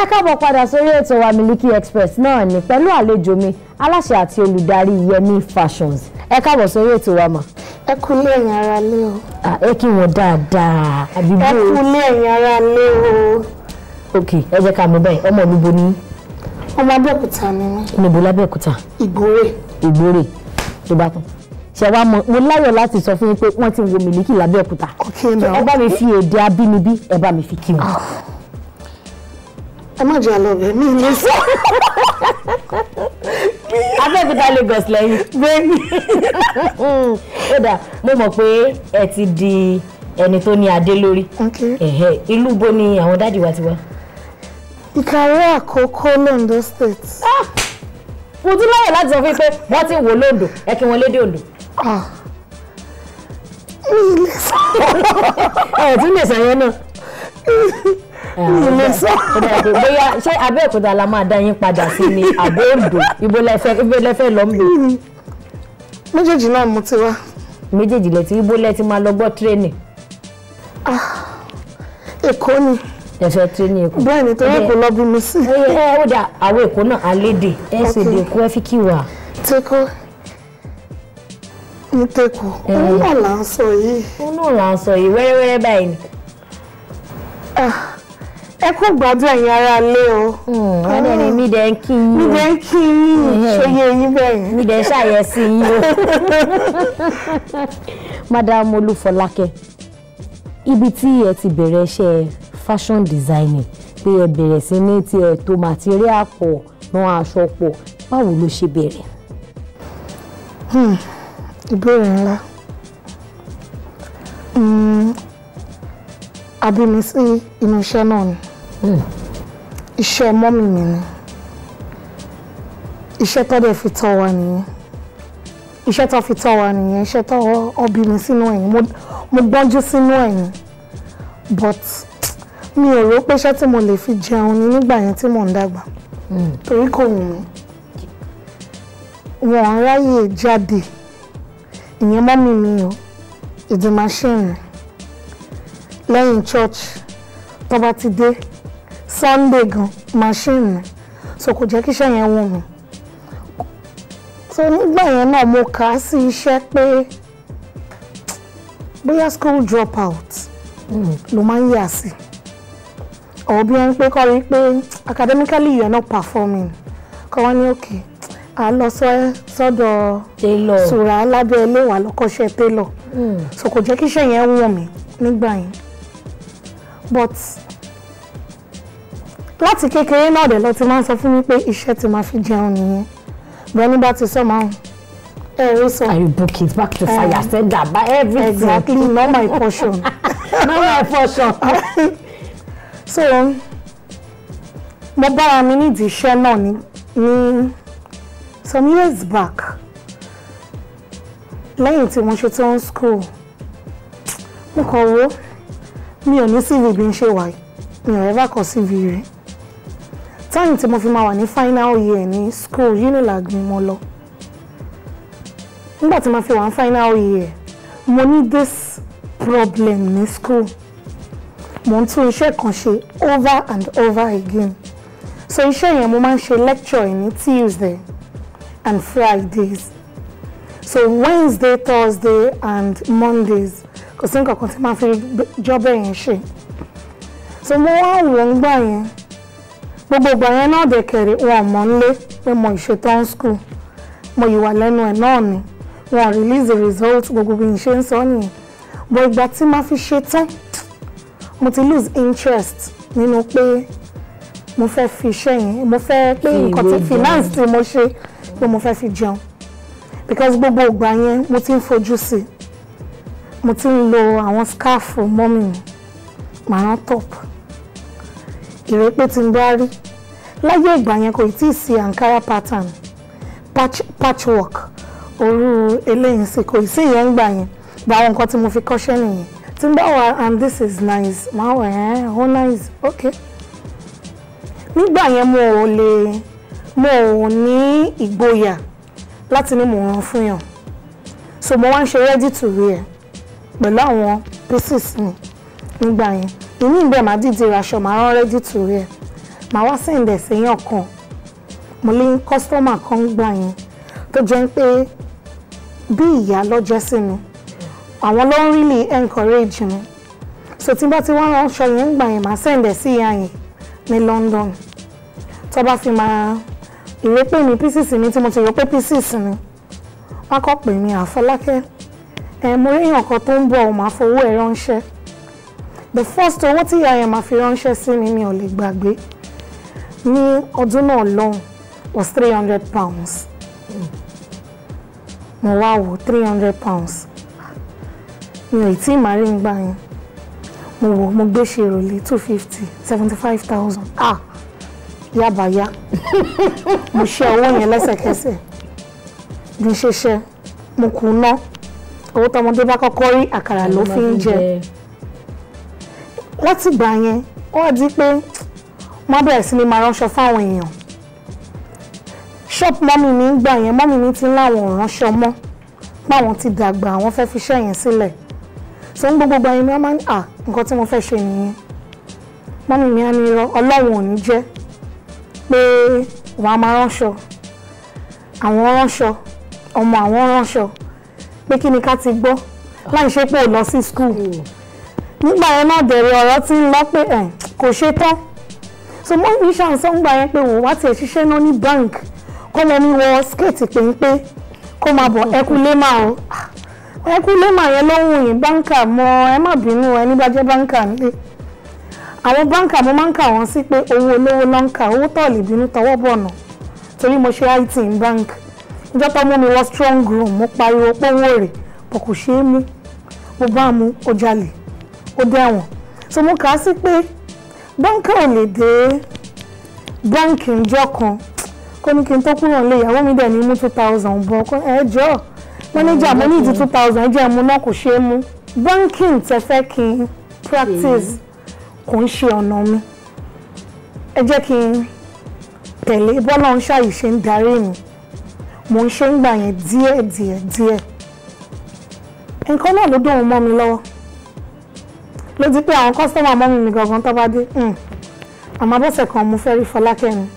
ẹ káàbọ̀ padà sórí ètò wa Miliki Express náà ni pẹ̀lú àlejò mi aláṣẹ àti olùdarí Yemi Fashions ẹ káàbọ̀ sórí ètò wa mà. ẹ kúlé ẹ̀yin ará lé o. ẹ kí wọn dáadáa àbíbó. ẹ kúlé ẹ̀yin ará lé o. ok ẹ jẹ́ ká mú bẹ́ẹ̀ ọmọ mi bo ní. ọmọ Abẹ́òkúta ni mí. níbo lábẹ́òkúta. ìgbórè. ìgbórè tó bá tán ṣe wa mọ mo láyọ̀ láti sọ fún yín pé wọ́n ti wo Miliki lábẹ́òkúta. ok náà ẹ bá mi fi èdè abínibí ẹ bá mi fi kí wọn. Ah ẹ má jẹ́ àlọ́bẹ̀ mi ilé sọ. afẹ́kúta Lagos lẹ́yìn. bẹ́ẹ̀ni. kódà mo mọ̀ pé ẹ ti di ẹni tó ní adé lórí. ìlú bo ni àwọn dáàdì wa ti wá. Ìkàrẹ́ Àkókó Londo State. Ah! mo tún láyọ̀ láti sọ fún pé wọ́n ti wò lóńdó ẹ kí wọ́n lédè òǹdó. Ah! mi ilé sọ. ẹ ò tún lè sọ yẹn náà. ìlú sọ. bóyá la máa dá yín padà sí ni àbó Oǹdó ibo lẹ́fẹ́ méjèèjì náà mo ti wá. méjèèjì lẹ ti ibo lẹ ti máa lọ gbọ́ tírénì. Ah, Èkó ni Èkó. bẹ́ẹ̀ ni torí lọ mi sí. ẹ ó dà àwọn Èkó náà ẹ sì ẹ fi kí wà. teko ní teko òun náà là ń sọ yìí. òun náà ẹ kú gbádùn ẹ̀yin ará ilé o. ọ̀nà hmm, ni mi dẹ̀ ń kí yín o. mi dẹ̀ ń kí yín hmm. ṣòye yín bẹ́yìn. mi dẹ̀ ń ṣàyẹ̀sí yín o. madam olúfọlákẹ́ ibi tí ẹ ti bẹ̀rẹ̀ iṣẹ́ fashion designing pé ẹ bẹ̀rẹ̀ sí ní tiẹ̀ tó material pọ̀ náà aṣọ pọ̀ báwo ló ṣe bẹ̀rẹ̀. Hmm, ìbéèrè ńlá a bí mi sí inú iṣẹ́ náà ni iṣẹ́ mọ́mì mi ni iṣẹ́ tó dẹ̀ fi tọ́ wa nìyẹn iṣẹ́ tó fi tọ́ wa nìyẹn iṣẹ́ tó ọbí mi sínú ẹ̀yìn mo gbọ́njú sínú ẹ̀yìn but mi ò rò pé iṣẹ́ tí mo lè fi jẹun ni nígbà yẹn tí mò ń dàgbà hmm. torí kò wù mí wọn ò ráyè jáde ìyẹn mọ́mì mi o ìdí machine lẹ́yìn church tó bá ti dé Sunday gan machine ni so kò jẹ́ kí iṣẹ́ yẹn wù mí so nígbà yẹn náà mo kà á sí iṣẹ́ pé bóyá school drop out ló máa ń yà sí ọ̀rọ̀ bí wọ́n pé kọ́ rí pé academically you are not performing kọ́ wọ́n ní òkè à lọ sọ́dọ̀ sùrà lábẹ́ ilé wa lọ́kọ́ṣẹ́ tailor hmm. so kò jẹ́ kí iṣẹ́ yẹn wù mí nígbà yẹn but láti kékeré náà dẹ̀ lọ ti máa ń sọ fún mi pé iṣẹ́ tí máa fi jẹun nìyẹn bẹ́ẹ̀ nígbà tí sọ máa ń ẹ̀rọ sọ. I will book it back to fire send am by everything. Exactly not my portion. not my portion. so mo bára mi nídìí iṣẹ́ náà ní ní some years back lẹ́yìn tí mo ṣe tán school mo kàn wò mi ò ní CV bí n ṣe wà mi ò ever kọ CV rẹ̀ time tí mo fi máa wà ní final year ní school unilag ni mo lọ nígbà tí mo fi wà ní final year mo ní this problem ní school mo ń tún iṣẹ́ kan ṣe over and over again so iṣẹ́ yẹn mo máa ń ṣe lecture ní Tuesday and Fridays so Wednesday Thursday and Mondays kò sí nǹkan kan tí màá fi jọ́ bẹ́ẹ̀ yẹn ṣe so mo wá wọ̀ ń gbà yẹn gbogbo ìgbà yẹn náà dẹ̀kẹ̀rẹ̀ wọn mọ̀ ń lé pé mo ìṣetán school mo ìwà lẹ́nu ẹ̀ náà ni wọn release the result gbogbo bí n ṣe ń sọ nìyẹn bọ̀ ìgbà tí ma fi ṣe tán mo ti lose interest nínú pé mo fẹ́ fi iṣẹ́ yẹn mo fẹ́ pé nǹkan tí finance tí mo ṣe pé mo fẹ́ fi jẹun because gbogbo ìgbà yẹn mo ti ń fojú sí i mo ti ń lo àwọn scarf mọ́mì mi màá rán ìrẹ́pẹ́ tí ń bá rí láyé ìgbà yẹn kò tí ì sí ankara pattern patch patchwork òru eléyìí sì kò sí ìyẹn ń gbà yẹn gba àwọn nǹkan tí mo fi kọ́ṣẹ́ nìyẹn tí ń bá wà and this is nice máa wà ẹ́ eh, ó oh, nice ok nígbà yẹn mo ò lè mo ò ní ìgboyà láti ní mò ń ran fún yàn so mo wá ń ṣe ready to wear pẹ̀lú àwọn pieces mi nígbà yẹn inu ìgbẹ́ máa dìde raṣọ máa rán ready to ma máa wá sẹ́ǹdẹ̀ sẹ́yìn ọ̀kan mo lé kọ́sítọ́mà kan gbà yẹn tó jẹ́ pé bí ìyá lọ́jọ́ sí mi àwọn ló ń so tí bá ti wá ránṣọ yẹn ń gbà yẹn máa London tó bá fi máa pieces mi tí mo ti mi pè mí mo rí èèyàn kan tó ń the first owó tí ìyá yẹn máa fi ránṣẹ́ sí mi mi ò lè gbàgbé ní ọdún náà lọ́hùn was three hundred pounds mo wá wò three hundred pounds mi ò tí ì má rí ngbà yẹn mo wò mo gbé ṣe ìrọ̀lẹ́ two fifty seventy five thousand ah yábàyá mo ṣe owó yẹn lẹ́sẹ̀kẹsẹ̀ bí n ṣe ṣe mo kù ná owó tọmọdé bá kọ́kọ́ rí àkàrà ló fi ń jẹ látìgbà yẹn wọ́n di pé wọ́n bẹ̀rẹ̀ sí ni máa ránṣọ fáwọn èèyàn ṣọ́ọ̀pù mọ́mì mi ń gbà yẹn mọ́mì mi ti ń láwọn ránṣọ mọ́ páwọn ti dàgbà àwọn fẹ́ fi iṣẹ́ yẹn sílẹ̀ so ń gbogbo gba ẹni wọ́n máa ń à nǹkan tí mo fẹ́ ṣe nìyẹn mọ́mì mi á ní irọ́ ọlọ́run ò ní jẹ́ pé wàá máa ránṣọ àwọn ránṣọ ọmọ àwọn ránṣọ pé kí ni ká ti gbọ́ láì ṣe pé ò lọ sí school nígbà yẹn náà bẹ̀rẹ̀ ọ̀rọ̀ tí ń lọ pé kò ṣe tán so mo ní ṣàǹsọ́ ńgbà yẹn pé òun wá tiẹ̀ ṣiṣẹ́ náà ní bank kọ́ lọ ní wọ skate péńpé kó máa bọ̀ ẹkú lémà o ẹkú lémà yẹn ló ń wòyìn báńkà mọ ẹ má bínú ẹ ní bá jẹ́ báńkà nílé àwọn báńkà mo máa ń kà wọ́n sí pé owó olówó ló ń kà owó tọ̀lì bínú tọwọ́ bọ̀nà torí mo ṣe IT in bank ìjọ tó mú mi wọ strong room mo pariwo pé owó rẹ̀ kò kò ṣeé mú mo bá mú ó jalè ó dẹ̀wọ̀n so mo kà á sí pé bọ́ǹkì ò lè dé bọ́ǹkì ńjọ́ kan kó ní kí n tó kúrò nílé ìyàwó mi dẹ̀ ní mú two thousand bọ́ ẹ jọ̀ọ́ mọ́nẹ́jà mm, mo ní ìdí two thousand jẹ́ mu náà kò ṣeé mú bọ́ǹkì tẹ fẹ́ kí n practice mm. kò ń ṣe ọ̀nà mi ẹ jẹ́ kí n tẹ̀lé bọ́lá ń ṣàyè ṣe ń darí mi mo ń ṣe ń gbà yẹn díẹ̀ díẹ̀ díẹ̀ nǹkan náà ló dùn mọ́ mi lọ́wọ́ ló ti pé àwọn customer mọ́mí mi gangan tó bá dé hmm, àmọ́ bọ́sẹ̀ kan mo fẹ́ rí Fọlákẹ́ ni.